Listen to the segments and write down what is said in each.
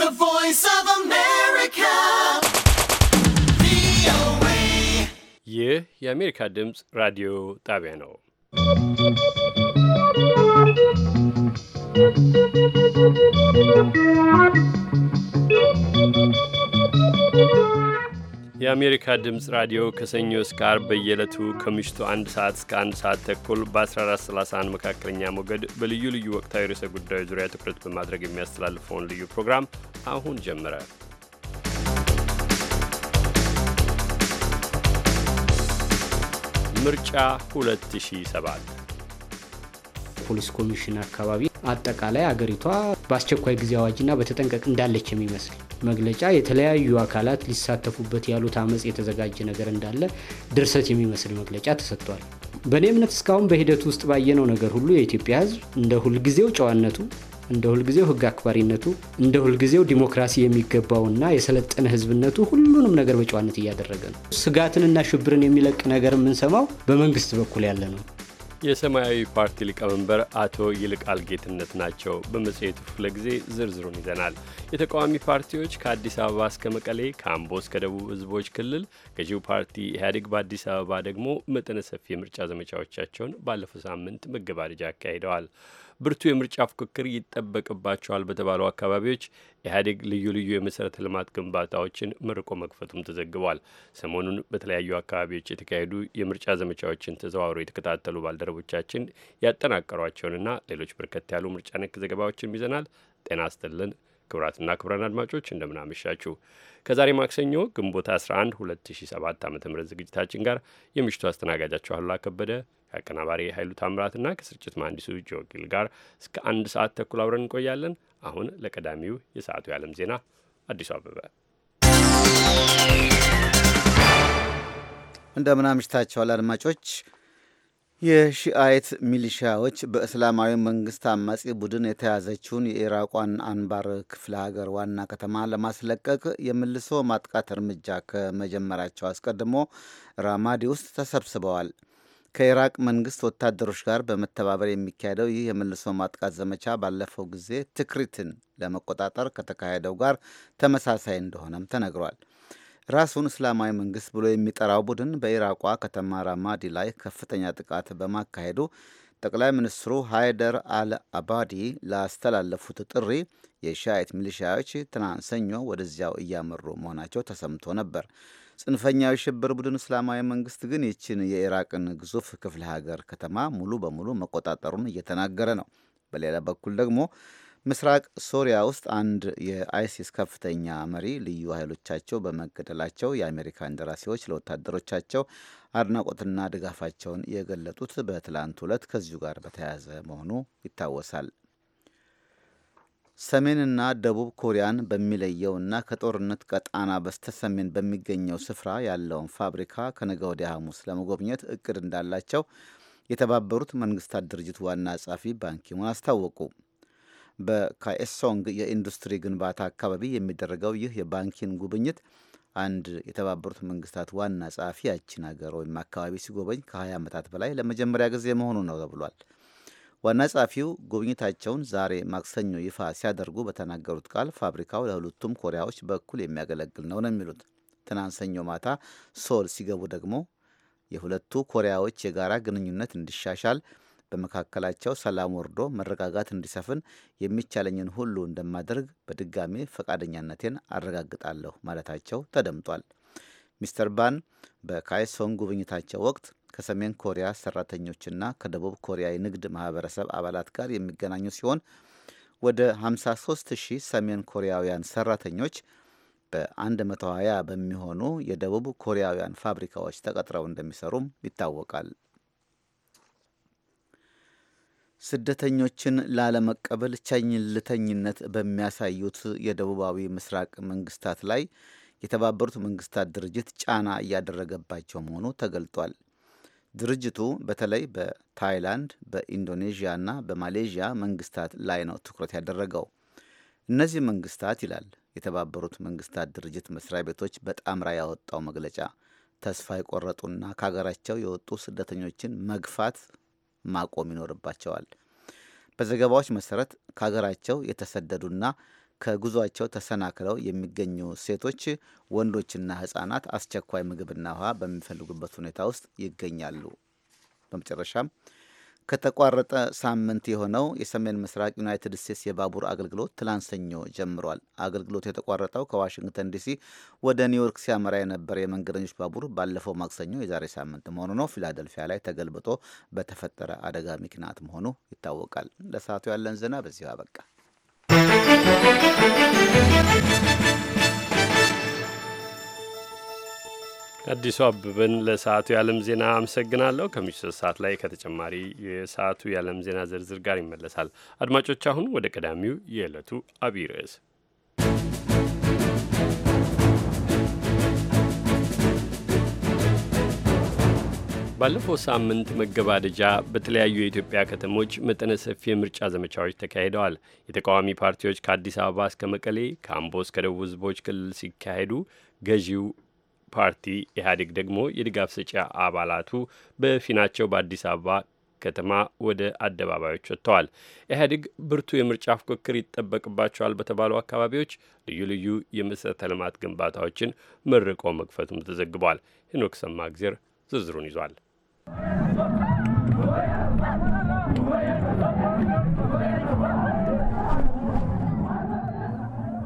The Voice of America. VOA. ይህ የአሜሪካ Radio ራዲዮ ጣቢያ ነው። ¶¶ የአሜሪካ ድምፅ ራዲዮ ከሰኞ እስከ አርብ በየዕለቱ ከምሽቱ አንድ ሰዓት እስከ አንድ ሰዓት ተኩል በ1431 መካከለኛ ሞገድ በልዩ ልዩ ወቅታዊ ርዕሰ ጉዳዮች ዙሪያ ትኩረት በማድረግ የሚያስተላልፈውን ልዩ ፕሮግራም አሁን ጀመረ። ምርጫ 2007 ፖሊስ ኮሚሽን አካባቢ አጠቃላይ አገሪቷ በአስቸኳይ ጊዜ አዋጅና በተጠንቀቅ እንዳለች የሚመስል መግለጫ የተለያዩ አካላት ሊሳተፉበት ያሉት አመፅ የተዘጋጀ ነገር እንዳለ ድርሰት የሚመስል መግለጫ ተሰጥቷል። በእኔ እምነት እስካሁን በሂደቱ ውስጥ ባየነው ነገር ሁሉ የኢትዮጵያ ሕዝብ እንደ ሁልጊዜው ጨዋነቱ፣ እንደ ሁልጊዜው ሕግ አክባሪነቱ፣ እንደ ሁልጊዜው ዲሞክራሲ የሚገባውና የሰለጠነ ሕዝብነቱ ሁሉንም ነገር በጨዋነት እያደረገ ነው። ስጋትንና ሽብርን የሚለቅ ነገር የምንሰማው በመንግስት በኩል ያለ ነው። የሰማያዊ ፓርቲ ሊቀመንበር አቶ ይልቃል ጌትነት ናቸው። በመጽሔቱ ክፍለ ጊዜ ዝርዝሩን ይዘናል። የተቃዋሚ ፓርቲዎች ከአዲስ አበባ እስከ መቀሌ፣ ከአምቦ እስከ ደቡብ ህዝቦች ክልል ገዢው ፓርቲ ኢህአዴግ በአዲስ አበባ ደግሞ መጠነ ሰፊ የምርጫ ዘመቻዎቻቸውን ባለፈው ሳምንት መገባደጃ አካሂደዋል። ብርቱ የምርጫ ፉክክር ይጠበቅባቸዋል በተባሉ አካባቢዎች ኢህአዴግ ልዩ ልዩ የመሠረተ ልማት ግንባታዎችን መርቆ መክፈቱም ተዘግቧል። ሰሞኑን በተለያዩ አካባቢዎች የተካሄዱ የምርጫ ዘመቻዎችን ተዘዋውሮ የተከታተሉ ባልደረቦቻችን ያጠናቀሯቸውንና ሌሎች በርከት ያሉ ምርጫ ነክ ዘገባዎችም ይዘናል። ጤና ይስጥልን ክቡራትና ክቡራን አድማጮች እንደምናመሻችሁ። ከዛሬ ማክሰኞ ግንቦት 11 2007 ዓ ም ዝግጅታችን ጋር የምሽቱ አስተናጋጃችሁ አሉላ ከበደ ከአቀናባሪ ኃይሉ ታምራትና ከስርጭት መሐንዲሱ ጆጊል ጋር እስከ አንድ ሰዓት ተኩል አብረን እንቆያለን። አሁን ለቀዳሚው የሰዓቱ የዓለም ዜና አዲሱ አበበ እንደምን አምሽታችኋል አድማጮች። የሺአይት ሚሊሺያዎች በእስላማዊ መንግስት አማጺ ቡድን የተያዘችውን የኢራቋን አንባር ክፍለ ሀገር ዋና ከተማ ለማስለቀቅ የመልሶ ማጥቃት እርምጃ ከመጀመራቸው አስቀድሞ ራማዲ ውስጥ ተሰብስበዋል። ከኢራቅ መንግስት ወታደሮች ጋር በመተባበር የሚካሄደው ይህ የመልሶ ማጥቃት ዘመቻ ባለፈው ጊዜ ትክሪትን ለመቆጣጠር ከተካሄደው ጋር ተመሳሳይ እንደሆነም ተነግሯል። ራሱን እስላማዊ መንግስት ብሎ የሚጠራው ቡድን በኢራቋ ከተማ ራማዲ ላይ ከፍተኛ ጥቃት በማካሄዱ ጠቅላይ ሚኒስትሩ ሃይደር አል አባዲ ላስተላለፉት ጥሪ የሻይት ሚሊሻዎች ትናንት ሰኞ ወደዚያው እያመሩ መሆናቸው ተሰምቶ ነበር። ጽንፈኛው የሽብር ቡድን እስላማዊ መንግስት ግን ይችን የኢራቅን ግዙፍ ክፍለ ሀገር ከተማ ሙሉ በሙሉ መቆጣጠሩን እየተናገረ ነው። በሌላ በኩል ደግሞ ምስራቅ ሶሪያ ውስጥ አንድ የአይሲስ ከፍተኛ መሪ ልዩ ኃይሎቻቸው በመገደላቸው የአሜሪካ እንደራሴዎች ለወታደሮቻቸው አድናቆትና ድጋፋቸውን የገለጡት በትላንት ዕለት ከዚሁ ጋር በተያያዘ መሆኑ ይታወሳል። ሰሜንና ደቡብ ኮሪያን በሚለየውና ከጦርነት ቀጣና በስተሰሜን በሚገኘው ስፍራ ያለውን ፋብሪካ ከነገ ወዲያ ሐሙስ ለመጎብኘት እቅድ እንዳላቸው የተባበሩት መንግስታት ድርጅት ዋና ጸሐፊ ባንኪሙን አስታወቁ። በካኤሶንግ የኢንዱስትሪ ግንባታ አካባቢ የሚደረገው ይህ የባንኪን ጉብኝት አንድ የተባበሩት መንግስታት ዋና ጸሐፊ ያችን ሀገር ወይም አካባቢ ሲጎበኝ ከ20 ዓመታት በላይ ለመጀመሪያ ጊዜ መሆኑ ነው ተብሏል። ዋና ጸሐፊው ጉብኝታቸውን ዛሬ ማክሰኞ ይፋ ሲያደርጉ በተናገሩት ቃል ፋብሪካው ለሁለቱም ኮሪያዎች በኩል የሚያገለግል ነው ነው የሚሉት። ትናንት ሰኞ ማታ ሶል ሲገቡ ደግሞ የሁለቱ ኮሪያዎች የጋራ ግንኙነት እንዲሻሻል በመካከላቸው ሰላም ወርዶ መረጋጋት እንዲሰፍን የሚቻለኝን ሁሉ እንደማደርግ በድጋሚ ፈቃደኛነቴን አረጋግጣለሁ ማለታቸው ተደምጧል። ሚስተር ባን በካይሶን ጉብኝታቸው ወቅት ከሰሜን ኮሪያ ሰራተኞችና ከደቡብ ኮሪያ የንግድ ማህበረሰብ አባላት ጋር የሚገናኙ ሲሆን ወደ 53 ሺህ ሰሜን ኮሪያውያን ሰራተኞች በ120 በሚሆኑ የደቡብ ኮሪያውያን ፋብሪካዎች ተቀጥረው እንደሚሰሩም ይታወቃል። ስደተኞችን ላለመቀበል ቸልተኝነት በሚያሳዩት የደቡባዊ ምስራቅ መንግስታት ላይ የተባበሩት መንግስታት ድርጅት ጫና እያደረገባቸው መሆኑ ተገልጧል። ድርጅቱ በተለይ በታይላንድ፣ በኢንዶኔዥያ እና በማሌዥያ መንግስታት ላይ ነው ትኩረት ያደረገው። እነዚህ መንግስታት ይላል የተባበሩት መንግስታት ድርጅት መስሪያ ቤቶች በጣምራ ያወጣው መግለጫ ተስፋ የቆረጡና ከሀገራቸው የወጡ ስደተኞችን መግፋት ማቆም ይኖርባቸዋል። በዘገባዎች መሰረት ከሀገራቸው የተሰደዱና ከጉዟቸው ተሰናክለው የሚገኙ ሴቶች፣ ወንዶችና ህጻናት አስቸኳይ ምግብና ውሃ በሚፈልጉበት ሁኔታ ውስጥ ይገኛሉ። በመጨረሻም ከተቋረጠ ሳምንት የሆነው የሰሜን ምስራቅ ዩናይትድ ስቴትስ የባቡር አገልግሎት ትላንት ሰኞ ጀምሯል። አገልግሎቱ የተቋረጠው ከዋሽንግተን ዲሲ ወደ ኒውዮርክ ሲያመራ የነበረ የመንገደኞች ባቡር ባለፈው ማክሰኞ የዛሬ ሳምንት መሆኑ ነው ፊላደልፊያ ላይ ተገልብጦ በተፈጠረ አደጋ ምክንያት መሆኑ ይታወቃል። ለሰዓቱ ያለን ዜና በዚሁ አበቃ። አዲሱ አበበን ለሰዓቱ የዓለም ዜና አመሰግናለሁ። ከምሽቱ ሶስት ሰዓት ላይ ከተጨማሪ የሰዓቱ የዓለም ዜና ዝርዝር ጋር ይመለሳል። አድማጮች፣ አሁን ወደ ቀዳሚው የዕለቱ አብይ ርዕስ ባለፈው ሳምንት መገባደጃ በተለያዩ የኢትዮጵያ ከተሞች መጠነ ሰፊ የምርጫ ዘመቻዎች ተካሂደዋል። የተቃዋሚ ፓርቲዎች ከአዲስ አበባ እስከ መቀሌ፣ ከአምቦ እስከ ደቡብ ህዝቦች ክልል ሲካሄዱ ገዢው ፓርቲ ኢህአዴግ ደግሞ የድጋፍ ሰጪ አባላቱ በፊናቸው በአዲስ አበባ ከተማ ወደ አደባባዮች ወጥተዋል። ኢህአዴግ ብርቱ የምርጫ ፉክክር ይጠበቅባቸዋል በተባሉ አካባቢዎች ልዩ ልዩ የመሠረተ ልማት ግንባታዎችን መርቆ መክፈቱም ተዘግቧል። ሄኖክ ሰማእግዜር ዝርዝሩን ይዟል።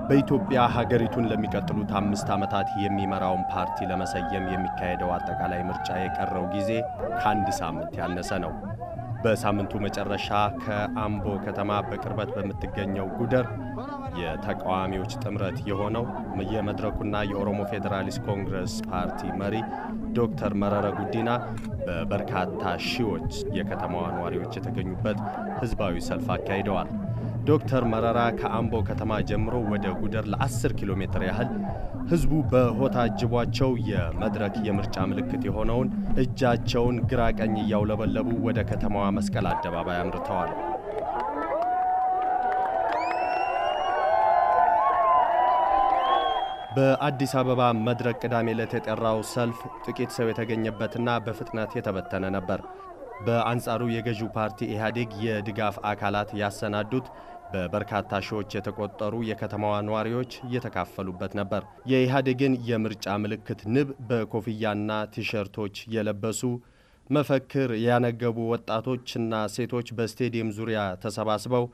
በኢትዮጵያ ሀገሪቱን ለሚቀጥሉት አምስት ዓመታት የሚመራውን ፓርቲ ለመሰየም የሚካሄደው አጠቃላይ ምርጫ የቀረው ጊዜ ከአንድ ሳምንት ያነሰ ነው። በሳምንቱ መጨረሻ ከአምቦ ከተማ በቅርበት በምትገኘው ጉደር የተቃዋሚዎች ጥምረት የሆነው የመድረኩና የኦሮሞ ፌዴራሊስት ኮንግረስ ፓርቲ መሪ ዶክተር መረረ ጉዲና በበርካታ ሺዎች የከተማዋ ነዋሪዎች የተገኙበት ህዝባዊ ሰልፍ አካሂደዋል። ዶክተር መረራ ከአምቦ ከተማ ጀምሮ ወደ ጉደር ለ10 ኪሎ ሜትር ያህል ህዝቡ በሆታ አጅቧቸው የመድረክ የምርጫ ምልክት የሆነውን እጃቸውን ግራ ቀኝ እያውለበለቡ ወደ ከተማዋ መስቀል አደባባይ አምርተዋል። በአዲስ አበባ መድረክ ቅዳሜ ዕለት የጠራው ሰልፍ ጥቂት ሰው የተገኘበትና በፍጥነት የተበተነ ነበር። በአንጻሩ የገዢው ፓርቲ ኢህአዴግ የድጋፍ አካላት ያሰናዱት በበርካታ ሺዎች የተቆጠሩ የከተማዋ ነዋሪዎች እየተካፈሉበት ነበር። የኢህአዴግን የምርጫ ምልክት ንብ በኮፍያና ቲሸርቶች የለበሱ መፈክር ያነገቡ ወጣቶችና ሴቶች በስቴዲየም ዙሪያ ተሰባስበው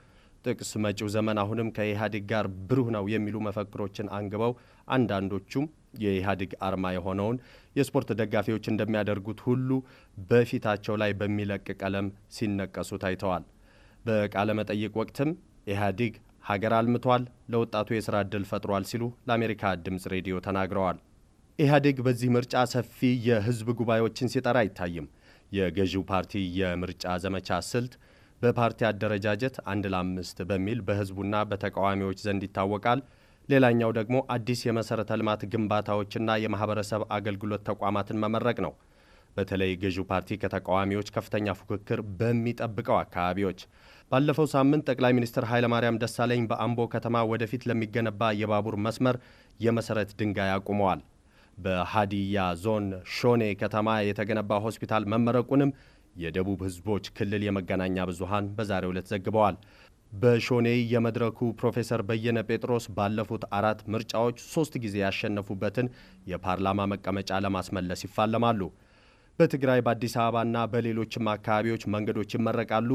ጥቅስ መጪው ዘመን አሁንም ከኢህአዴግ ጋር ብሩህ ነው የሚሉ መፈክሮችን አንግበው አንዳንዶቹም የኢህአዴግ አርማ የሆነውን የስፖርት ደጋፊዎች እንደሚያደርጉት ሁሉ በፊታቸው ላይ በሚለቅ ቀለም ሲነቀሱ ታይተዋል። በቃለ መጠይቅ ወቅትም ኢህአዲግ ሀገር አልምቷል፣ ለወጣቱ የሥራ ዕድል ፈጥሯል ሲሉ ለአሜሪካ ድምፅ ሬዲዮ ተናግረዋል። ኢህአዴግ በዚህ ምርጫ ሰፊ የህዝብ ጉባኤዎችን ሲጠራ አይታይም። የገዢው ፓርቲ የምርጫ ዘመቻ ስልት በፓርቲ አደረጃጀት አንድ ለአምስት በሚል በህዝቡና በተቃዋሚዎች ዘንድ ይታወቃል። ሌላኛው ደግሞ አዲስ የመሠረተ ልማት ግንባታዎችና የማኅበረሰብ አገልግሎት ተቋማትን መመረቅ ነው። በተለይ ገዢው ፓርቲ ከተቃዋሚዎች ከፍተኛ ፉክክር በሚጠብቀው አካባቢዎች ባለፈው ሳምንት ጠቅላይ ሚኒስትር ኃይለማርያም ደሳለኝ በአምቦ ከተማ ወደፊት ለሚገነባ የባቡር መስመር የመሰረት ድንጋይ አቁመዋል። በሃዲያ ዞን ሾኔ ከተማ የተገነባ ሆስፒታል መመረቁንም የደቡብ ህዝቦች ክልል የመገናኛ ብዙሃን በዛሬው ዕለት ዘግበዋል። በሾኔ የመድረኩ ፕሮፌሰር በየነ ጴጥሮስ ባለፉት አራት ምርጫዎች ሶስት ጊዜ ያሸነፉበትን የፓርላማ መቀመጫ ለማስመለስ ይፋለማሉ። በትግራይ በአዲስ አበባና በሌሎችም አካባቢዎች መንገዶች ይመረቃሉ።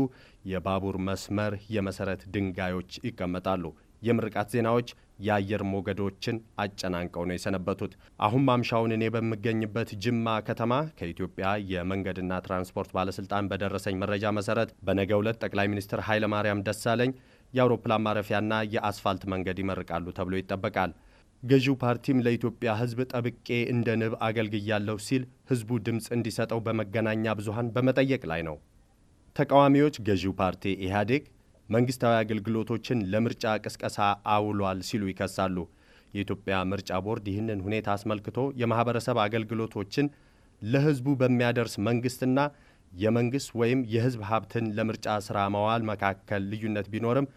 የባቡር መስመር የመሰረት ድንጋዮች ይቀመጣሉ። የምርቃት ዜናዎች የአየር ሞገዶችን አጨናንቀው ነው የሰነበቱት። አሁን ማምሻውን እኔ በምገኝበት ጅማ ከተማ ከኢትዮጵያ የመንገድና ትራንስፖርት ባለስልጣን በደረሰኝ መረጃ መሰረት በነገው ዕለት ጠቅላይ ሚኒስትር ኃይለማርያም ደሳለኝ የአውሮፕላን ማረፊያና የአስፋልት መንገድ ይመርቃሉ ተብሎ ይጠበቃል። ገዢው ፓርቲም ለኢትዮጵያ ሕዝብ ጠብቄ እንደ ንብ አገልግያለሁ ሲል ሕዝቡ ድምፅ እንዲሰጠው በመገናኛ ብዙሃን በመጠየቅ ላይ ነው። ተቃዋሚዎች ገዢው ፓርቲ ኢህአዴግ መንግስታዊ አገልግሎቶችን ለምርጫ ቅስቀሳ አውሏል ሲሉ ይከሳሉ። የኢትዮጵያ ምርጫ ቦርድ ይህንን ሁኔታ አስመልክቶ የማህበረሰብ አገልግሎቶችን ለሕዝቡ በሚያደርስ መንግስትና የመንግስት ወይም የሕዝብ ሀብትን ለምርጫ ስራ መዋል መካከል ልዩነት ቢኖርም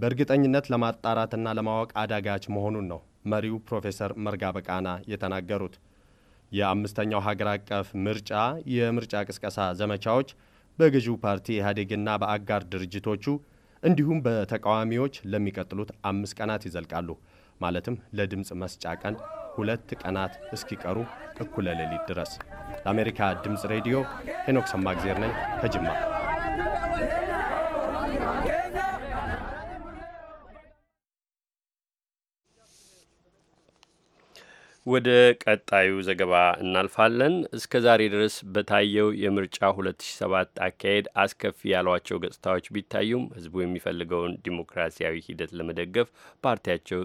በእርግጠኝነት ለማጣራትና ለማወቅ አዳጋች መሆኑን ነው መሪው ፕሮፌሰር መርጋ በቃና የተናገሩት። የአምስተኛው ሀገር አቀፍ ምርጫ የምርጫ ቅስቀሳ ዘመቻዎች በገዢው ፓርቲ ኢህአዴግና በአጋር ድርጅቶቹ እንዲሁም በተቃዋሚዎች ለሚቀጥሉት አምስት ቀናት ይዘልቃሉ። ማለትም ለድምፅ መስጫ ቀን ሁለት ቀናት እስኪቀሩ እኩለ ሌሊት ድረስ። ለአሜሪካ ድምፅ ሬዲዮ ሄኖክ ሰማግዜር ነኝ ከጅማ። ወደ ቀጣዩ ዘገባ እናልፋለን። እስከ ዛሬ ድረስ በታየው የምርጫ 2007 አካሄድ አስከፊ ያሏቸው ገጽታዎች ቢታዩም ህዝቡ የሚፈልገውን ዲሞክራሲያዊ ሂደት ለመደገፍ ፓርቲያቸው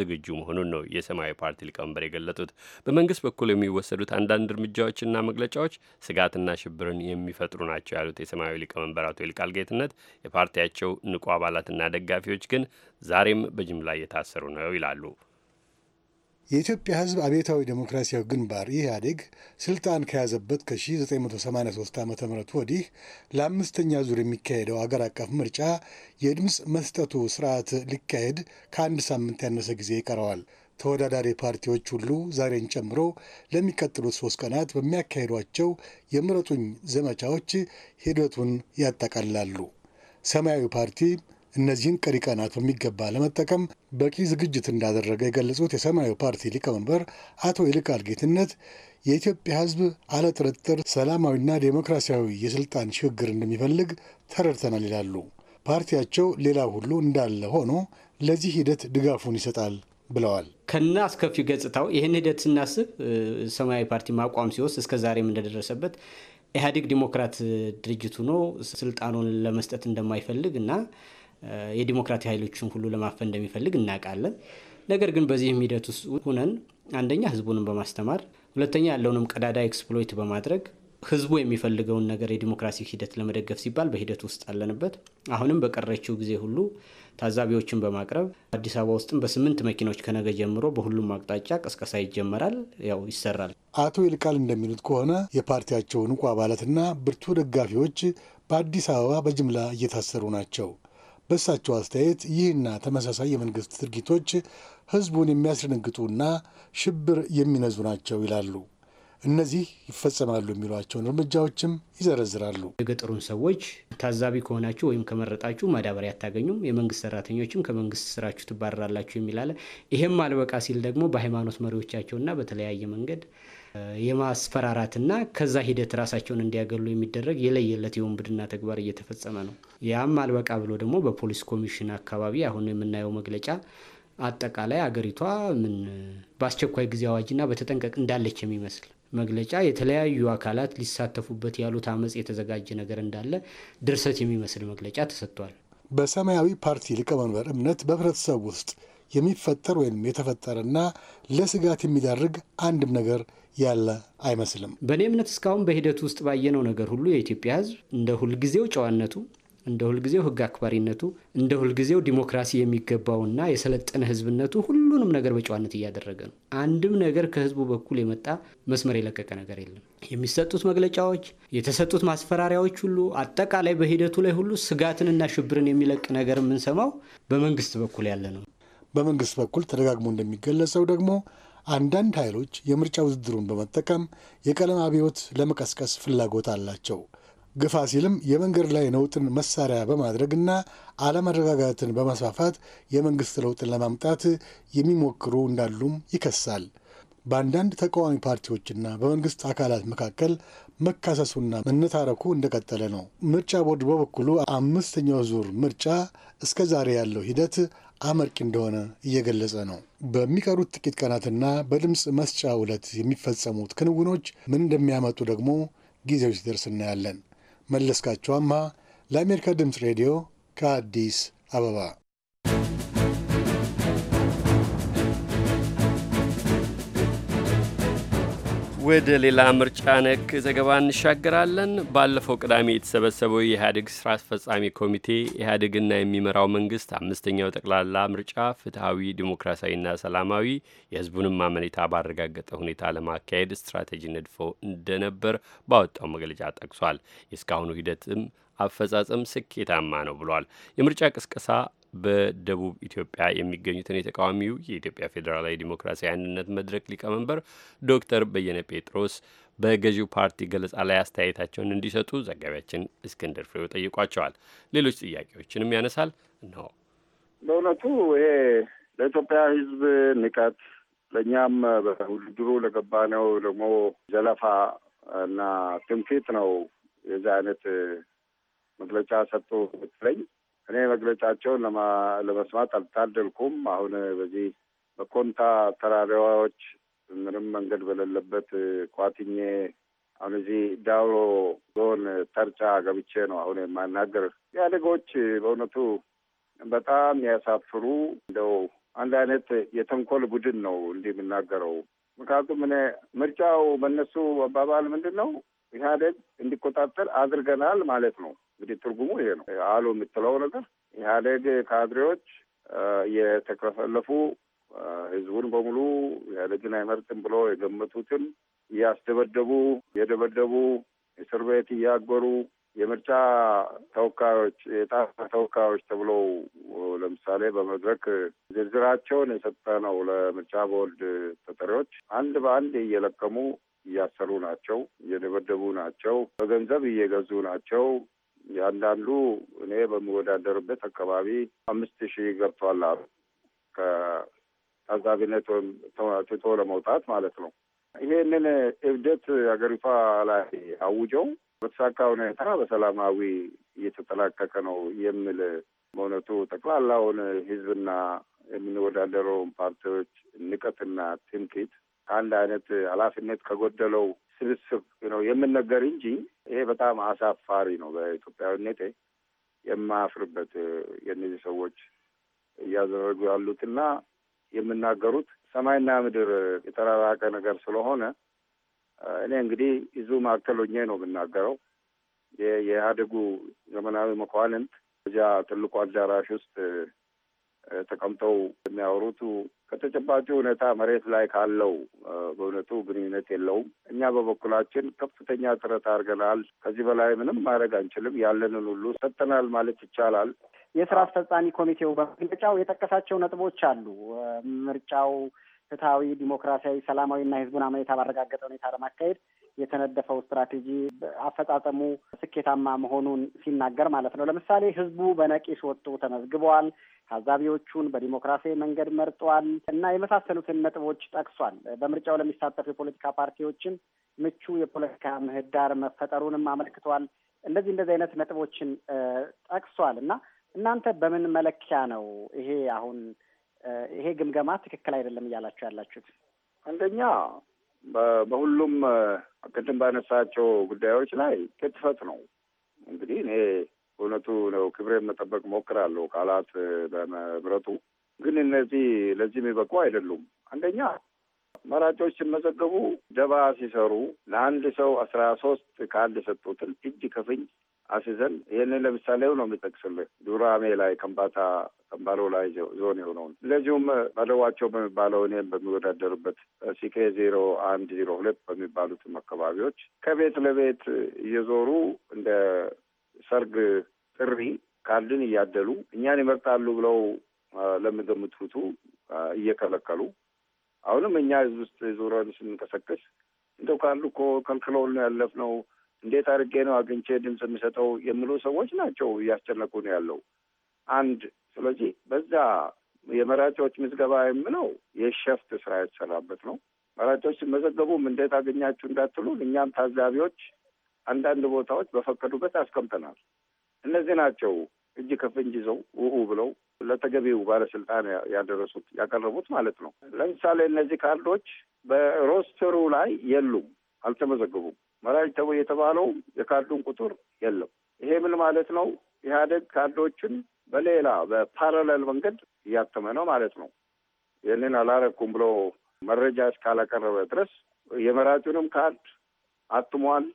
ዝግጁ መሆኑን ነው የሰማያዊ ፓርቲ ሊቀመንበር የገለጡት። በመንግስት በኩል የሚወሰዱት አንዳንድ እርምጃዎችና መግለጫዎች ስጋትና ሽብርን የሚፈጥሩ ናቸው ያሉት የሰማያዊ ሊቀመንበር አቶ ይልቃል ጌትነት የፓርቲያቸው ንቁ አባላትና ደጋፊዎች ግን ዛሬም በጅምላ እየታሰሩ ነው ይላሉ። የኢትዮጵያ ሕዝብ አብዮታዊ ዴሞክራሲያዊ ግንባር ኢህአዴግ ስልጣን ከያዘበት ከ1983 ዓ ም ወዲህ ለአምስተኛ ዙር የሚካሄደው አገር አቀፍ ምርጫ የድምፅ መስጠቱ ስርዓት ሊካሄድ ከአንድ ሳምንት ያነሰ ጊዜ ይቀረዋል። ተወዳዳሪ ፓርቲዎች ሁሉ ዛሬን ጨምሮ ለሚቀጥሉት ሶስት ቀናት በሚያካሂዷቸው የምረጡኝ ዘመቻዎች ሂደቱን ያጠቃልላሉ። ሰማያዊ ፓርቲ እነዚህን ቀሪ ቀናት በሚገባ ለመጠቀም በቂ ዝግጅት እንዳደረገ የገለጹት የሰማያዊ ፓርቲ ሊቀመንበር አቶ ይልቃል ጌትነት የኢትዮጵያ ሕዝብ አለጥርጥር ሰላማዊና ዴሞክራሲያዊ የስልጣን ሽግግር እንደሚፈልግ ተረድተናል ይላሉ። ፓርቲያቸው ሌላ ሁሉ እንዳለ ሆኖ ለዚህ ሂደት ድጋፉን ይሰጣል ብለዋል። ከና አስከፊው ገጽታው ይህን ሂደት ስናስብ ሰማያዊ ፓርቲ ማቋም ሲወስድ እስከ ዛሬም እንደደረሰበት ኢህአዴግ ዲሞክራት ድርጅት ሆኖ ስልጣኑን ለመስጠት እንደማይፈልግ እና የዲሞክራሲ ኃይሎችን ሁሉ ለማፈን እንደሚፈልግ እናውቃለን። ነገር ግን በዚህም ሂደት ውስጥ ሁነን አንደኛ ህዝቡንም በማስተማር ሁለተኛ ያለውንም ቀዳዳ ኤክስፕሎይት በማድረግ ህዝቡ የሚፈልገውን ነገር የዲሞክራሲ ሂደት ለመደገፍ ሲባል በሂደት ውስጥ አለንበት። አሁንም በቀረችው ጊዜ ሁሉ ታዛቢዎችን በማቅረብ አዲስ አበባ ውስጥም በስምንት መኪናዎች ከነገ ጀምሮ በሁሉም አቅጣጫ ቀስቀሳ ይጀመራል፣ ያው ይሰራል። አቶ ይልቃል እንደሚሉት ከሆነ የፓርቲያቸው ንቁ አባላትና ብርቱ ደጋፊዎች በአዲስ አበባ በጅምላ እየታሰሩ ናቸው። በእሳቸው አስተያየት ይህና ተመሳሳይ የመንግስት ድርጊቶች ህዝቡን የሚያስደነግጡና ሽብር የሚነዙ ናቸው ይላሉ። እነዚህ ይፈጸማሉ የሚሏቸውን እርምጃዎችም ይዘረዝራሉ። የገጠሩን ሰዎች ታዛቢ ከሆናችሁ ወይም ከመረጣችሁ ማዳበሪያ አታገኙም፣ የመንግስት ሰራተኞችም ከመንግስት ስራችሁ ትባረራላችሁ የሚላለ ይህም ይሄም አልበቃ ሲል ደግሞ በሃይማኖት መሪዎቻቸውና በተለያየ መንገድ የማስፈራራትና ከዛ ሂደት ራሳቸውን እንዲያገሉ የሚደረግ የለየለት የወንብድና ተግባር እየተፈጸመ ነው። ያም አልበቃ ብሎ ደግሞ በፖሊስ ኮሚሽን አካባቢ አሁን የምናየው መግለጫ አጠቃላይ አገሪቷ ምን በአስቸኳይ ጊዜ አዋጅና በተጠንቀቅ እንዳለች የሚመስል መግለጫ የተለያዩ አካላት ሊሳተፉበት ያሉት አመፅ የተዘጋጀ ነገር እንዳለ ድርሰት የሚመስል መግለጫ ተሰጥቷል። በሰማያዊ ፓርቲ ሊቀመንበር እምነት በህብረተሰብ ውስጥ የሚፈጠር ወይም የተፈጠረና ለስጋት የሚዳርግ አንድም ነገር ያለ አይመስልም። በእኔ እምነት እስካሁን በሂደቱ ውስጥ ባየነው ነገር ሁሉ የኢትዮጵያ ሕዝብ እንደ ሁልጊዜው ጨዋነቱ፣ እንደ ሁልጊዜው ሕግ አክባሪነቱ፣ እንደ ሁልጊዜው ዲሞክራሲ የሚገባውና የሰለጠነ ሕዝብነቱ ሁሉንም ነገር በጨዋነት እያደረገ ነው። አንድም ነገር ከሕዝቡ በኩል የመጣ መስመር የለቀቀ ነገር የለም። የሚሰጡት መግለጫዎች፣ የተሰጡት ማስፈራሪያዎች ሁሉ አጠቃላይ በሂደቱ ላይ ሁሉ ስጋትንና ሽብርን የሚለቅ ነገር የምንሰማው በመንግስት በኩል ያለ ነው። በመንግስት በኩል ተደጋግሞ እንደሚገለጸው ደግሞ አንዳንድ ኃይሎች የምርጫ ውድድሩን በመጠቀም የቀለም አብዮት ለመቀስቀስ ፍላጎት አላቸው። ግፋ ሲልም የመንገድ ላይ ነውጥን መሳሪያ በማድረግና አለመረጋጋትን በማስፋፋት የመንግስት ለውጥን ለማምጣት የሚሞክሩ እንዳሉም ይከሳል። በአንዳንድ ተቃዋሚ ፓርቲዎችና በመንግስት አካላት መካከል መካሰሱና መነታረኩ እንደቀጠለ ነው። ምርጫ ቦርድ በበኩሉ አምስተኛው ዙር ምርጫ እስከ ዛሬ ያለው ሂደት አመርቂ እንደሆነ እየገለጸ ነው። በሚቀሩት ጥቂት ቀናትና በድምፅ መስጫ ዕለት የሚፈጸሙት ክንውኖች ምን እንደሚያመጡ ደግሞ ጊዜው ሲደርስ እናያለን። መለስካቸው አምሃ ለአሜሪካ ድምፅ ሬዲዮ ከአዲስ አበባ ወደ ሌላ ምርጫ ነክ ዘገባ እንሻገራለን። ባለፈው ቅዳሜ የተሰበሰበው የኢህአዴግ ስራ አስፈጻሚ ኮሚቴ ኢህአዴግና የሚመራው መንግስት አምስተኛው ጠቅላላ ምርጫ ፍትሐዊ፣ ዲሞክራሲያዊና ሰላማዊ የህዝቡንም ማመኔታ ባረጋገጠ ሁኔታ ለማካሄድ ስትራቴጂ ነድፎ እንደነበር ባወጣው መግለጫ ጠቅሷል። የእስካሁኑ ሂደትም አፈጻጸም ስኬታማ ነው ብሏል። የምርጫ ቅስቀሳ በደቡብ ኢትዮጵያ የሚገኙትን የተቃዋሚው የኢትዮጵያ ፌዴራላዊ ዲሞክራሲያዊ አንድነት መድረክ ሊቀመንበር ዶክተር በየነ ጴጥሮስ በገዢው ፓርቲ ገለጻ ላይ አስተያየታቸውን እንዲሰጡ ዘጋቢያችን እስክንድር ፍሬው ጠይቋቸዋል። ሌሎች ጥያቄዎችንም ያነሳል ነ በእውነቱ ይሄ ለኢትዮጵያ ሕዝብ ንቀት፣ ለእኛም በውድድሩ ለገባነው ደግሞ ዘለፋ እና ትምክህት ነው። የዚህ አይነት መግለጫ ሰጡ ትለኝ እኔ መግለጫቸውን ለመስማት አልታደልኩም። አሁን በዚህ በኮንታ ተራራዎች ምንም መንገድ በሌለበት ኳትኜ አሁን እዚህ ዳውሮ ዞን ተርጫ ገብቼ ነው አሁን የማናገር። ኢህአዴጎች በእውነቱ በጣም ያሳፍሩ። እንደው አንድ አይነት የተንኮል ቡድን ነው እንዲህ የምናገረው። ምክንያቱም እኔ ምርጫው በእነሱ አባባል ምንድን ነው ኢህአዴግ እንዲቆጣጠር አድርገናል ማለት ነው። እንግዲህ ትርጉሙ ይሄ ነው። አሉ የምትለው ነገር ኢህአዴግ ካድሬዎች የተከፈለፉ ህዝቡን በሙሉ ኢህአዴግን አይመርጥም ብሎ የገመቱትን እያስደበደቡ የደበደቡ እስር ቤት እያገሩ፣ የምርጫ ተወካዮች የጣፋ ተወካዮች ተብለው ለምሳሌ በመድረክ ዝርዝራቸውን የሰጠ ነው ለምርጫ ቦርድ ተጠሪዎች አንድ በአንድ እየለቀሙ እያሰሩ ናቸው፣ እየደበደቡ ናቸው፣ በገንዘብ እየገዙ ናቸው። ያንዳንዱ እኔ በምወዳደርበት አካባቢ አምስት ሺህ ገብቷል አሉ ከታዛቢነት ወይም ትቶ ለመውጣት ማለት ነው። ይሄንን እብደት ሀገሪቷ ላይ አውጀው በተሳካ ሁኔታ በሰላማዊ እየተጠላቀቀ ነው የሚል በእውነቱ ጠቅላላውን ህዝብና የምንወዳደረውን ፓርቲዎች ንቀትና ትምክህት አንድ አይነት ኃላፊነት ከጎደለው ስብስብ ነው የምነገር እንጂ ይሄ በጣም አሳፋሪ ነው። በኢትዮጵያዊነቴ የማፍርበት የእነዚህ ሰዎች እያዘረጉ ያሉትና የምናገሩት ሰማይና ምድር የተራራቀ ነገር ስለሆነ እኔ እንግዲህ ይዙ ማከሎኜ ነው የምናገረው። የኢህአዴጉ ዘመናዊ መኳንንት እዚያ ትልቁ አዳራሽ ውስጥ ተቀምጠው የሚያወሩቱ ከተጨባጭ ሁኔታ መሬት ላይ ካለው በእውነቱ ግንኙነት የለውም። እኛ በበኩላችን ከፍተኛ ጥረት አድርገናል። ከዚህ በላይ ምንም ማድረግ አንችልም። ያለንን ሁሉ ሰጥተናል ማለት ይቻላል። የስራ አስፈጻሚ ኮሚቴው በመግለጫው የጠቀሳቸው ነጥቦች አሉ። ምርጫው ፍትሐዊ፣ ዲሞክራሲያዊ፣ ሰላማዊና ህዝቡን አመኔታ ባረጋገጠ ሁኔታ ለማካሄድ የተነደፈው ስትራቴጂ አፈጻጸሙ ስኬታማ መሆኑን ሲናገር ማለት ነው። ለምሳሌ ህዝቡ በነቂስ ወጥቶ ተመዝግበዋል፣ ታዛቢዎቹን በዲሞክራሲያዊ መንገድ መርጠዋል እና የመሳሰሉትን ነጥቦች ጠቅሷል። በምርጫው ለሚሳተፉ የፖለቲካ ፓርቲዎችን ምቹ የፖለቲካ ምህዳር መፈጠሩንም አመልክቷል። እንደዚህ እንደዚህ አይነት ነጥቦችን ጠቅሷል እና እናንተ በምን መለኪያ ነው ይሄ አሁን ይሄ ግምገማ ትክክል አይደለም እያላችሁ ያላችሁት? አንደኛ በሁሉም ቅድም ባነሳቸው ጉዳዮች ላይ ክትፈት ነው። እንግዲህ እኔ እውነቱ ነው ክብሬን መጠበቅ ሞክራለሁ ቃላት በመምረጡ ግን እነዚህ ለዚህ የሚበቁ አይደሉም። አንደኛ መራጮች ሲመዘገቡ ደባ ሲሰሩ ለአንድ ሰው አስራ ሶስት ከአንድ የሰጡትን እጅ ከፍንጅ አስይዘን ይህንን ለምሳሌው ነው የሚጠቅስልህ ዱራሜ ላይ ከምባታ ከምባሎ ላይ ዞን የሆነውን እንደዚሁም መደዋቸው በሚባለው እኔም በሚወዳደርበት ሲኬ ዜሮ አንድ ዜሮ ሁለት በሚባሉትም አካባቢዎች ከቤት ለቤት እየዞሩ እንደ ሰርግ ጥሪ ካልድን እያደሉ እኛን ይመርጣሉ ብለው ለምንደምትፉቱ እየከለከሉ አሁንም እኛ ህዝብ ውስጥ ዞረን ስንንቀሰቀስ እንደው ካሉ እኮ ከልክለውን ያለፍነው እንዴት አድርጌ ነው አግኝቼ ድምፅ የሚሰጠው የሚሉ ሰዎች ናቸው እያስጨነቁ ነው ያለው አንድ። ስለዚህ በዛ የመራጮች ምዝገባ የምለው የሸፍት ስራ የተሰራበት ነው። መራጮች ሲመዘገቡም እንዴት አገኛችሁ እንዳትሉ እኛም ታዛቢዎች አንዳንድ ቦታዎች በፈቀዱበት አስቀምጠናል። እነዚህ ናቸው እጅ ከፍንጅ ይዘው ውሁ ብለው ለተገቢው ባለስልጣን ያደረሱት ያቀረቡት ማለት ነው። ለምሳሌ እነዚህ ካርዶች በሮስተሩ ላይ የሉም፣ አልተመዘገቡም። መራጭ ተብሎ የተባለው የካርዱን ቁጥር የለም። ይሄ ምን ማለት ነው? ኢህአደግ ካርዶችን በሌላ በፓራለል መንገድ እያተመ ነው ማለት ነው። ይህንን አላረኩም ብሎ መረጃ እስካላቀረበ ድረስ የመራጩንም ካርድ አትሟል።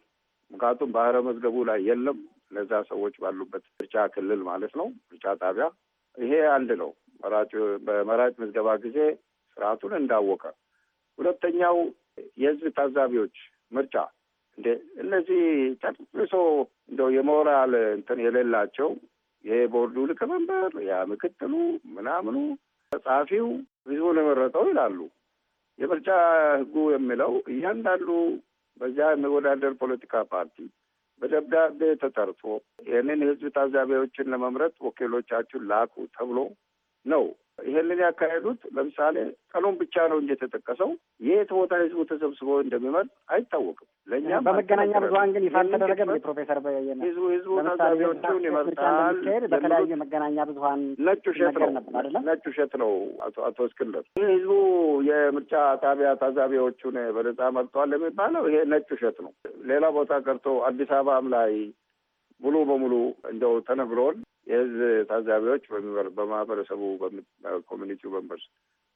ምክንያቱም ባህረ መዝገቡ ላይ የለም። እነዛ ሰዎች ባሉበት ምርጫ ክልል ማለት ነው፣ ምርጫ ጣቢያ። ይሄ አንድ ነው። መራጩ በመራጭ ምዝገባ ጊዜ ስርዓቱን እንዳወቀ። ሁለተኛው የህዝብ ታዛቢዎች ምርጫ እነዚህ ጨርሶ እንደው የሞራል እንትን የሌላቸው የቦርዱ ቦርዱ ሊቀመንበር፣ ያ ምክትሉ፣ ምናምኑ፣ ጸሐፊው ህዝቡን የመረጠው ይላሉ። የምርጫ ህጉ የሚለው እያንዳንዱ በዚያ የሚወዳደር ፖለቲካ ፓርቲ በደብዳቤ ተጠርቶ ይህንን የህዝብ ታዛቢዎችን ለመምረጥ ወኪሎቻችሁን ላኩ ተብሎ ነው። ይሄንን ያካሄዱት ለምሳሌ ቀኑን ብቻ ነው እንጂ የተጠቀሰው የት ቦታ ህዝቡ ተሰብስቦ እንደሚመርጥ አይታወቅም። ለእኛም በመገናኛ ብዙሀን ግን ይፋ ተደረገ። ፕሮፌሰር በየነ ህዝቡ ህዝቡ ታዛቢዎቹን ይመርጣል። በተለያዩ የመገናኛ ብዙኃን ነጭ ውሸት ነው፣ ነጭ ውሸት ነው። አቶ አቶ እስክንድር ይህ ህዝቡ የምርጫ ጣቢያ ታዛቢዎቹን በነጻ መርጠዋል የሚባለው ይሄ ነጭ ውሸት ነው። ሌላ ቦታ ቀርቶ አዲስ አበባም ላይ ሙሉ በሙሉ እንደው ተነግሮን የህዝብ ታዛቢዎች በማህበረሰቡ ኮሚኒቲው መንበርስ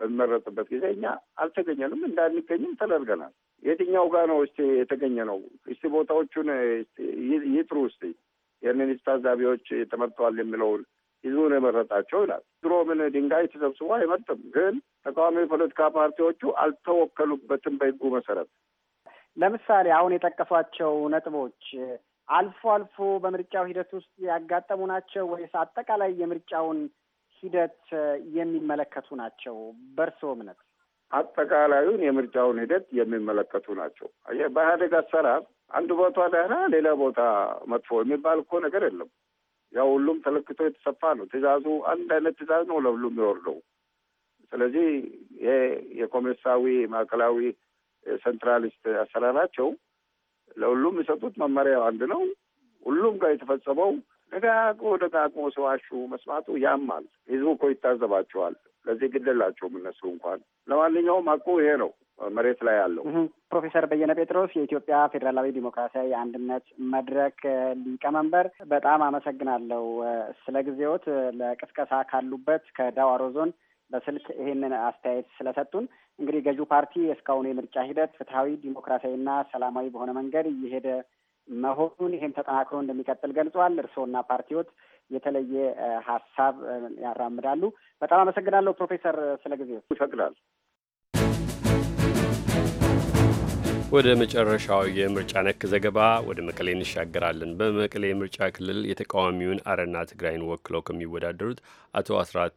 በሚመረጥበት ጊዜ እኛ አልተገኘንም፣ እንዳንገኝም ተደርገናል። የትኛው ጋ ነው እስቲ የተገኘ ነው? እስቲ ቦታዎቹን ይጥሩ እስቲ ይህንን ታዛቢዎች ተመርተዋል የሚለውን ህዝቡን የመረጣቸው ይላል። ድሮ ምን ድንጋይ ተሰብስቦ አይመርጥም፣ ግን ተቃዋሚ የፖለቲካ ፓርቲዎቹ አልተወከሉበትም በህጉ መሰረት። ለምሳሌ አሁን የጠቀሷቸው ነጥቦች አልፎ አልፎ በምርጫው ሂደት ውስጥ ያጋጠሙ ናቸው ወይስ አጠቃላይ የምርጫውን ሂደት የሚመለከቱ ናቸው? በእርስዎ እምነት? አጠቃላዩን የምርጫውን ሂደት የሚመለከቱ ናቸው። በኢህአዴግ አሰራር አንድ ቦታ ደህና ሌላ ቦታ መጥፎ የሚባል እኮ ነገር የለም። ያው ሁሉም ተለክቶ የተሰፋ ነው። ትእዛዙ አንድ አይነት ትእዛዝ ነው ለሁሉም የሚወርደው። ስለዚህ ይሄ የኮሜሳዊ ማዕከላዊ ሴንትራሊስት አሰራራቸው ለሁሉም የሰጡት መመሪያው አንድ ነው። ሁሉም ጋር የተፈጸመው ደጋግሞ ደጋግሞ ሲዋሹ መስማቱ ያማል። ህዝቡ እኮ ይታዘባቸዋል። ለዚህ ግደላቸውም እነሱ እንኳን ለማንኛውም አቁ ይሄ ነው መሬት ላይ ያለው። ፕሮፌሰር በየነ ጴጥሮስ የኢትዮጵያ ፌዴራላዊ ዲሞክራሲያዊ አንድነት መድረክ ሊቀመንበር፣ በጣም አመሰግናለሁ ስለ ጊዜዎት። ለቅስቀሳ ካሉበት ከዳዋሮ ዞን በስልክ ይህንን አስተያየት ስለሰጡን እንግዲህ ገዢው ፓርቲ እስካሁን የምርጫ ሂደት ፍትሐዊ፣ ዲሞክራሲያዊና ሰላማዊ በሆነ መንገድ እየሄደ መሆኑን ይህም ተጠናክሮ እንደሚቀጥል ገልጿል። እርስዎና ፓርቲዎት የተለየ ሀሳብ ያራምዳሉ። በጣም አመሰግናለሁ ፕሮፌሰር ስለ ጊዜው ይፈቅዳል። ወደ መጨረሻው የምርጫ ነክ ዘገባ ወደ መቀሌ እንሻገራለን። በመቀሌ ምርጫ ክልል የተቃዋሚውን አረና ትግራይን ወክለው ከሚወዳደሩት አቶ አስራት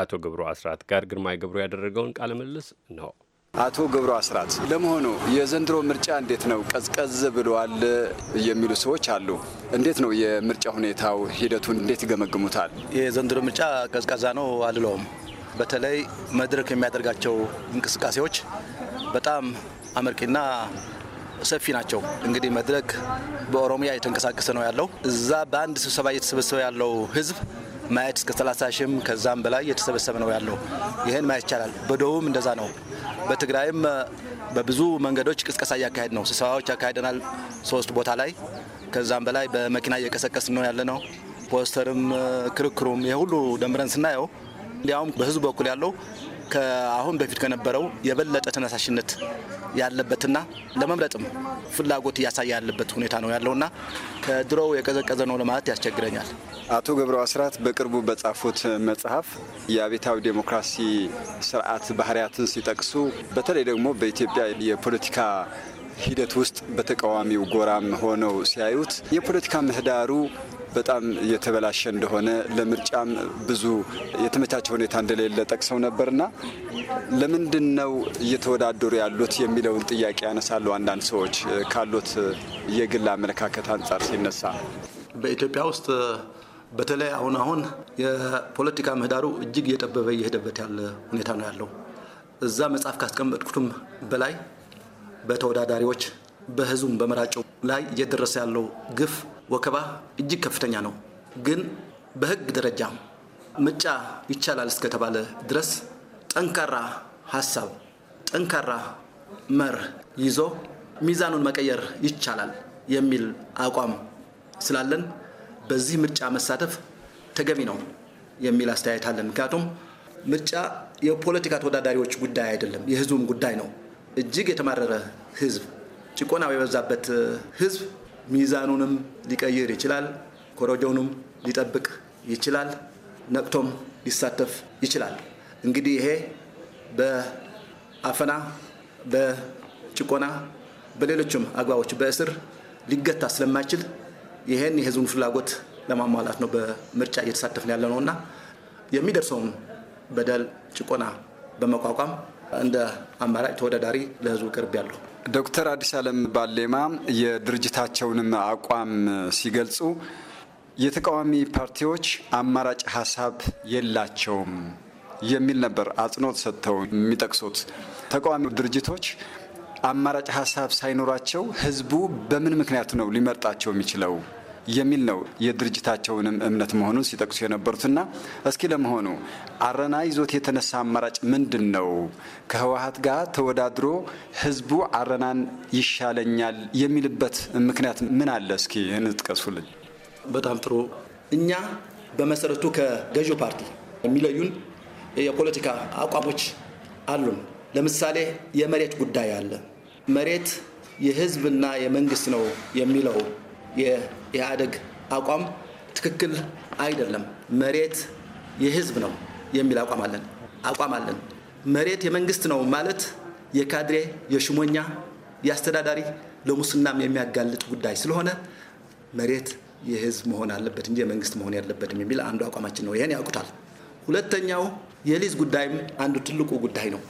አቶ ገብሩ አስራት ጋር ግርማይ ገብሩ ያደረገውን ቃለ ምልልስ ነው። አቶ ገብሩ አስራት፣ ለመሆኑ የዘንድሮ ምርጫ እንዴት ነው? ቀዝቀዝ ብለዋል የሚሉ ሰዎች አሉ። እንዴት ነው የምርጫ ሁኔታው? ሂደቱን እንዴት ይገመግሙታል? የዘንድሮ ምርጫ ቀዝቃዛ ነው አልለውም። በተለይ መድረክ የሚያደርጋቸው እንቅስቃሴዎች በጣም አመርቂና ሰፊ ናቸው። እንግዲህ መድረክ በኦሮሚያ የተንቀሳቀሰ ነው ያለው። እዛ በአንድ ስብሰባ እየተሰበሰበ ያለው ህዝብ ማየት እስከ 30 ሺህም ከዛም በላይ የተሰበሰበ ነው ያለው። ይህን ማየት ይቻላል። በደቡብም እንደዛ ነው። በትግራይም በብዙ መንገዶች ቅስቀሳ እያካሄድ ነው። ስብሰባዎች ያካሄደናል ሶስት ቦታ ላይ ከዛም በላይ በመኪና እየቀሰቀስ ነው ያለ ነው። ፖስተርም ክርክሩም የሁሉ ደምረን ስናየው እንዲያውም በህዝብ በኩል ያለው ከአሁን በፊት ከነበረው የበለጠ ተነሳሽነት ያለበትና ለመምረጥም ፍላጎት እያሳየ ያለበት ሁኔታ ነው ያለውና ከድሮው የቀዘቀዘ ነው ለማለት ያስቸግረኛል። አቶ ገብሩ አስራት በቅርቡ በጻፉት መጽሐፍ የአቤታዊ ዴሞክራሲ ስርዓት ባህርያትን ሲጠቅሱ በተለይ ደግሞ በኢትዮጵያ የፖለቲካ ሂደት ውስጥ በተቃዋሚው ጎራም ሆነው ሲያዩት የፖለቲካ ምህዳሩ በጣም እየተበላሸ እንደሆነ ለምርጫም ብዙ የተመቻቸ ሁኔታ እንደሌለ ጠቅሰው ነበርና ለምንድን ነው እየተወዳደሩ ያሉት የሚለውን ጥያቄ ያነሳሉ አንዳንድ ሰዎች ካሉት የግል አመለካከት አንጻር ሲነሳ በኢትዮጵያ ውስጥ በተለይ አሁን አሁን የፖለቲካ ምህዳሩ እጅግ እየጠበበ እየሄደበት ያለ ሁኔታ ነው ያለው። እዛ መጽሐፍ ካስቀመጥኩትም በላይ በተወዳዳሪዎች በህዝቡም በመራጮ ላይ እየደረሰ ያለው ግፍ ወከባ እጅግ ከፍተኛ ነው። ግን በህግ ደረጃ ምርጫ ይቻላል እስከተባለ ድረስ ጠንካራ ሀሳብ፣ ጠንካራ መርህ ይዞ ሚዛኑን መቀየር ይቻላል የሚል አቋም ስላለን በዚህ ምርጫ መሳተፍ ተገቢ ነው የሚል አስተያየት አለን። ምክንያቱም ምርጫ የፖለቲካ ተወዳዳሪዎች ጉዳይ አይደለም፣ የህዝቡም ጉዳይ ነው። እጅግ የተማረረ ህዝብ፣ ጭቆና የበዛበት ህዝብ ሚዛኑንም ሊቀይር ይችላል። ኮረጆውንም ሊጠብቅ ይችላል። ነቅቶም ሊሳተፍ ይችላል። እንግዲህ ይሄ በአፈና በጭቆና በሌሎችም አግባቦች በእስር ሊገታ ስለማይችል ይሄን የህዝቡን ፍላጎት ለማሟላት ነው በምርጫ እየተሳተፍን ያለ ነው እና የሚደርሰውን በደል ጭቆና በመቋቋም እንደ አማራጭ ተወዳዳሪ ለህዝቡ ቅርብ ያለሁ ዶክተር አዲስ አለም ባሌማ የድርጅታቸውንም አቋም ሲገልጹ የተቃዋሚ ፓርቲዎች አማራጭ ሀሳብ የላቸውም የሚል ነበር አጽንኦት ሰጥተው የሚጠቅሱት። ተቃዋሚ ድርጅቶች አማራጭ ሀሳብ ሳይኖራቸው ህዝቡ በምን ምክንያት ነው ሊመርጣቸው የሚችለው? የሚል ነው የድርጅታቸውንም እምነት መሆኑን ሲጠቅሱ የነበሩትና እስኪ ለመሆኑ አረና ይዞት የተነሳ አማራጭ ምንድን ነው? ከህወሀት ጋር ተወዳድሮ ህዝቡ አረናን ይሻለኛል የሚልበት ምክንያት ምን አለ? እስኪ እንጥቀሱልኝ። በጣም ጥሩ። እኛ በመሰረቱ ከገዢው ፓርቲ የሚለዩን የፖለቲካ አቋሞች አሉን። ለምሳሌ የመሬት ጉዳይ አለ። መሬት የህዝብና የመንግስት ነው የሚለው የኢህአደግ አቋም ትክክል አይደለም። መሬት የህዝብ ነው የሚል አቋም አለን አቋም አለን። መሬት የመንግስት ነው ማለት የካድሬ የሽሞኛ የአስተዳዳሪ ለሙስናም የሚያጋልጥ ጉዳይ ስለሆነ መሬት የህዝብ መሆን አለበት እንጂ የመንግስት መሆን ያለበትም የሚል አንዱ አቋማችን ነው። ይህን ያውቁታል። ሁለተኛው የሊዝ ጉዳይም አንዱ ትልቁ ጉዳይ ነው።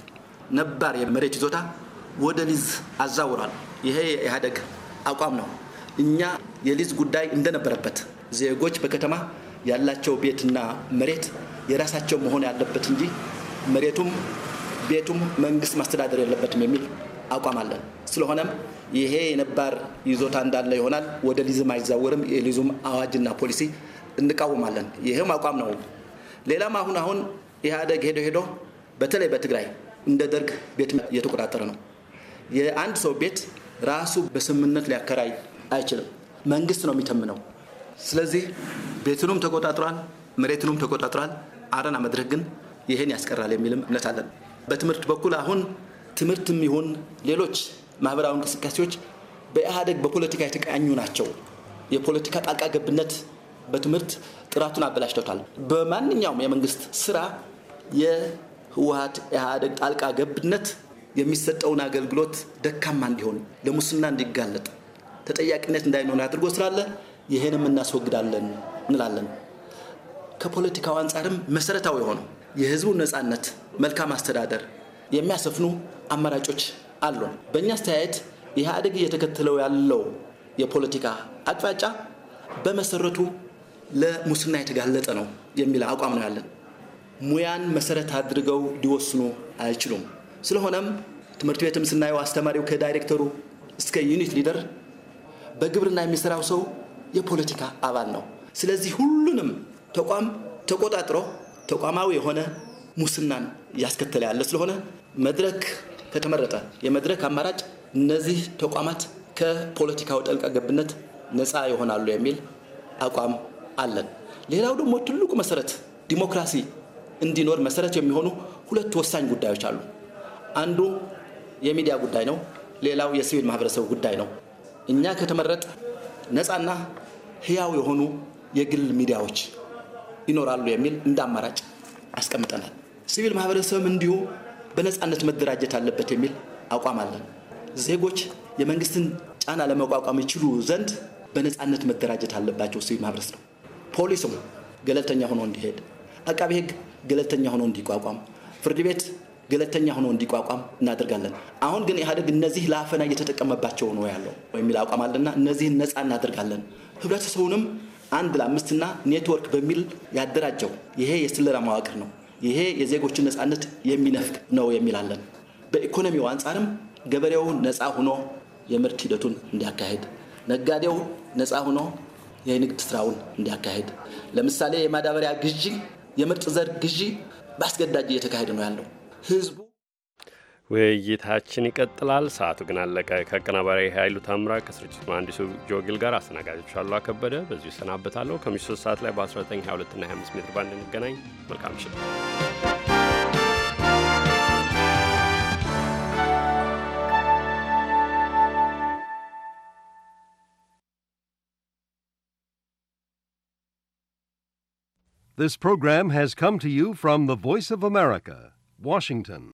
ነባር የመሬት ይዞታ ወደ ሊዝ አዛውሯል። ይሄ የኢህአደግ አቋም ነው። እኛ የሊዝ ጉዳይ እንደነበረበት ዜጎች በከተማ ያላቸው ቤትና መሬት የራሳቸው መሆን ያለበት እንጂ መሬቱም ቤቱም መንግስት ማስተዳደር የለበትም የሚል አቋም አለን። ስለሆነም ይሄ የነባር ይዞታ እንዳለ ይሆናል፣ ወደ ሊዝም አይዛወርም። የሊዙም አዋጅና ፖሊሲ እንቃወማለን። ይህም አቋም ነው። ሌላም አሁን አሁን ኢህአዴግ ሄዶ ሄዶ በተለይ በትግራይ እንደ ደርግ ቤት እየተቆጣጠረ ነው። የአንድ ሰው ቤት ራሱ በስምምነት ሊያከራይ አይችልም። መንግስት ነው የሚተምነው። ስለዚህ ቤቱንም ተቆጣጥሯል፣ መሬቱንም ተቆጣጥሯል። አረና መድረክ ግን ይህን ያስቀራል የሚልም እምነት አለን። በትምህርት በኩል አሁን ትምህርትም ይሁን ሌሎች ማህበራዊ እንቅስቃሴዎች በኢህአደግ በፖለቲካ የተቃኙ ናቸው። የፖለቲካ ጣልቃ ገብነት በትምህርት ጥራቱን አበላሽተውታል። በማንኛውም የመንግስት ስራ የህወሀት ኢህአደግ ጣልቃ ገብነት የሚሰጠውን አገልግሎት ደካማ እንዲሆን፣ ለሙስና እንዲጋለጥ ተጠያቂነት እንዳይኖር አድርጎ ስላለ ይህንም እናስወግዳለን እንላለን። ከፖለቲካው አንጻርም መሰረታዊ የሆነው የህዝቡን ነፃነት፣ መልካም አስተዳደር የሚያሰፍኑ አማራጮች አሉን። በእኛ አስተያየት ኢህአዴግ እየተከተለው ያለው የፖለቲካ አቅጣጫ በመሰረቱ ለሙስና የተጋለጠ ነው የሚል አቋም ነው ያለን። ሙያን መሰረት አድርገው ሊወስኑ አይችሉም። ስለሆነም ትምህርት ቤትም ስናየው አስተማሪው ከዳይሬክተሩ እስከ ዩኒት ሊደር በግብርና የሚሰራው ሰው የፖለቲካ አባል ነው። ስለዚህ ሁሉንም ተቋም ተቆጣጥሮ ተቋማዊ የሆነ ሙስናን እያስከተለ ያለ ስለሆነ መድረክ ከተመረጠ የመድረክ አማራጭ እነዚህ ተቋማት ከፖለቲካው ጠልቃ ገብነት ነፃ ይሆናሉ የሚል አቋም አለን። ሌላው ደግሞ ትልቁ መሰረት ዲሞክራሲ እንዲኖር መሰረት የሚሆኑ ሁለት ወሳኝ ጉዳዮች አሉ። አንዱ የሚዲያ ጉዳይ ነው። ሌላው የሲቪል ማህበረሰብ ጉዳይ ነው። እኛ ከተመረጥ ነፃና ህያው የሆኑ የግል ሚዲያዎች ይኖራሉ የሚል እንደ አማራጭ አስቀምጠናል። ሲቪል ማህበረሰብም እንዲሁ በነፃነት መደራጀት አለበት የሚል አቋም አለን። ዜጎች የመንግስትን ጫና ለመቋቋም ይችሉ ዘንድ በነፃነት መደራጀት አለባቸው። ሲቪል ማህበረሰብ ፖሊስም ገለልተኛ ሆኖ እንዲሄድ፣ አቃቤ ህግ ገለልተኛ ሆኖ እንዲቋቋም፣ ፍርድ ቤት ገለልተኛ ሆኖ እንዲቋቋም እናደርጋለን። አሁን ግን ኢህአዴግ እነዚህ ለአፈና እየተጠቀመባቸው ነው ያለው የሚል አቋም አለና እነዚህን ነፃ እናደርጋለን። ህብረተሰቡንም አንድ ለአምስትና ኔትወርክ በሚል ያደራጀው ይሄ የስለላ መዋቅር ነው። ይሄ የዜጎችን ነፃነት የሚነፍቅ ነው የሚል አለን። በኢኮኖሚው አንጻርም ገበሬው ነፃ ሆኖ የምርት ሂደቱን እንዲያካሄድ፣ ነጋዴው ነፃ ሆኖ የንግድ ስራውን እንዲያካሄድ፣ ለምሳሌ የማዳበሪያ ግዢ፣ የምርጥ ዘር ግዢ በአስገዳጅ እየተካሄደ ነው ያለው። ህዝቡ ውይይታችን ይቀጥላል። ሰዓቱ ግን አለቀ። ከአቀናባሪ ኃይሉ ታምራ ከስርጭት መሐንዲሱ ጆጊል ጋር አስተናጋጆች አሉ አከበደ በዚሁ እሰናበታለሁ። ከምሽቱ ሶስት ሰዓት ላይ በ1922ና 25 ሜትር ባንድ እንገናኝ። መልካም ምሽት። This program has come to you from the Voice of America. Washington.